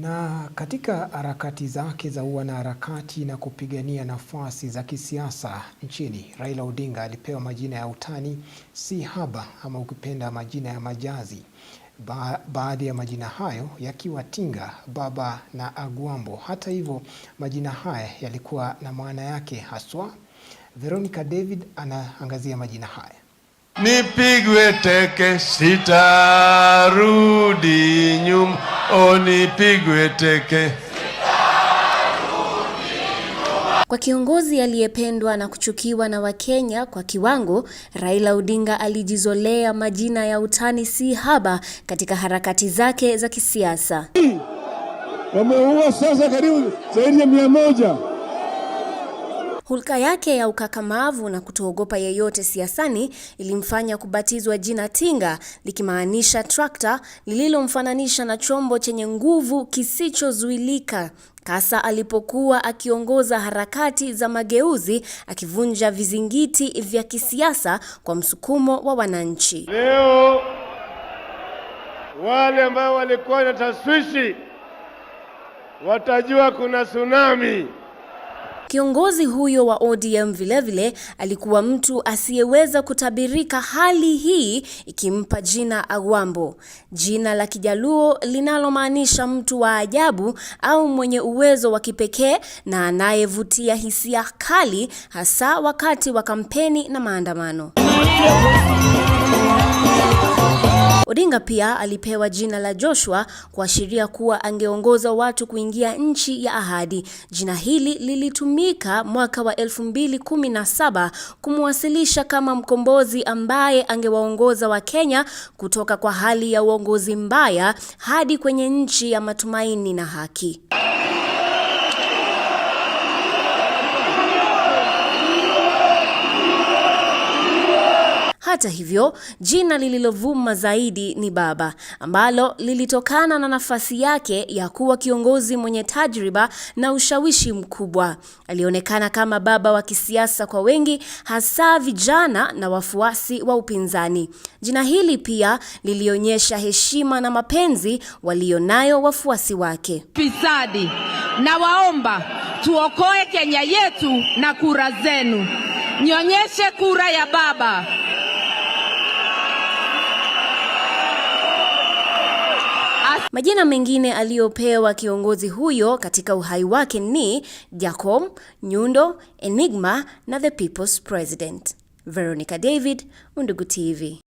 Na katika harakati zake za uanaharakati na kupigania nafasi za kisiasa nchini, Raila Odinga alipewa majina ya utani, si haba ama ukipenda majina ya majazi. Ba baadhi ya majina hayo yakiwa Tinga, Baba na Agwambo. Hata hivyo, majina haya yalikuwa na maana yake haswa. Veronica David anaangazia majina haya. Nipigwe teke, sitarudi nyuma onipigwe teke. Kwa kiongozi aliyependwa na kuchukiwa na Wakenya kwa kiwango, Raila Odinga alijizolea majina ya utani si haba katika harakati zake za kisiasa. Wameua sasa karibu zaidi ya mia moja. Hulka yake ya ukakamavu na kutoogopa yeyote siasani ilimfanya kubatizwa jina Tinga likimaanisha trakta lililomfananisha na chombo chenye nguvu kisichozuilika. Kasa alipokuwa akiongoza harakati za mageuzi akivunja vizingiti vya kisiasa kwa msukumo wa wananchi. Leo wale ambao walikuwa na taswishi watajua kuna tsunami. Kiongozi huyo wa ODM vilevile alikuwa mtu asiyeweza kutabirika, hali hii ikimpa jina Agwambo, jina la Kijaluo linalomaanisha mtu wa ajabu au mwenye uwezo wa kipekee na anayevutia hisia kali, hasa wakati wa kampeni na maandamano Odinga pia alipewa jina la Joshua kuashiria kuwa angeongoza watu kuingia nchi ya ahadi. Jina hili lilitumika mwaka wa 2017 kumwasilisha kama mkombozi ambaye angewaongoza Wakenya kutoka kwa hali ya uongozi mbaya hadi kwenye nchi ya matumaini na haki. Hata hivyo, jina lililovuma zaidi ni Baba ambalo lilitokana na nafasi yake ya kuwa kiongozi mwenye tajriba na ushawishi mkubwa. Alionekana kama baba wa kisiasa kwa wengi, hasa vijana na wafuasi wa upinzani. Jina hili pia lilionyesha heshima na mapenzi walionayo wafuasi wake. Fisadi na waomba tuokoe Kenya yetu na kura zenu, nionyeshe kura ya Baba. Majina mengine aliyopewa kiongozi huyo katika uhai wake ni Jacom, Nyundo, Enigma na The People's President. Veronica David, Undugu TV.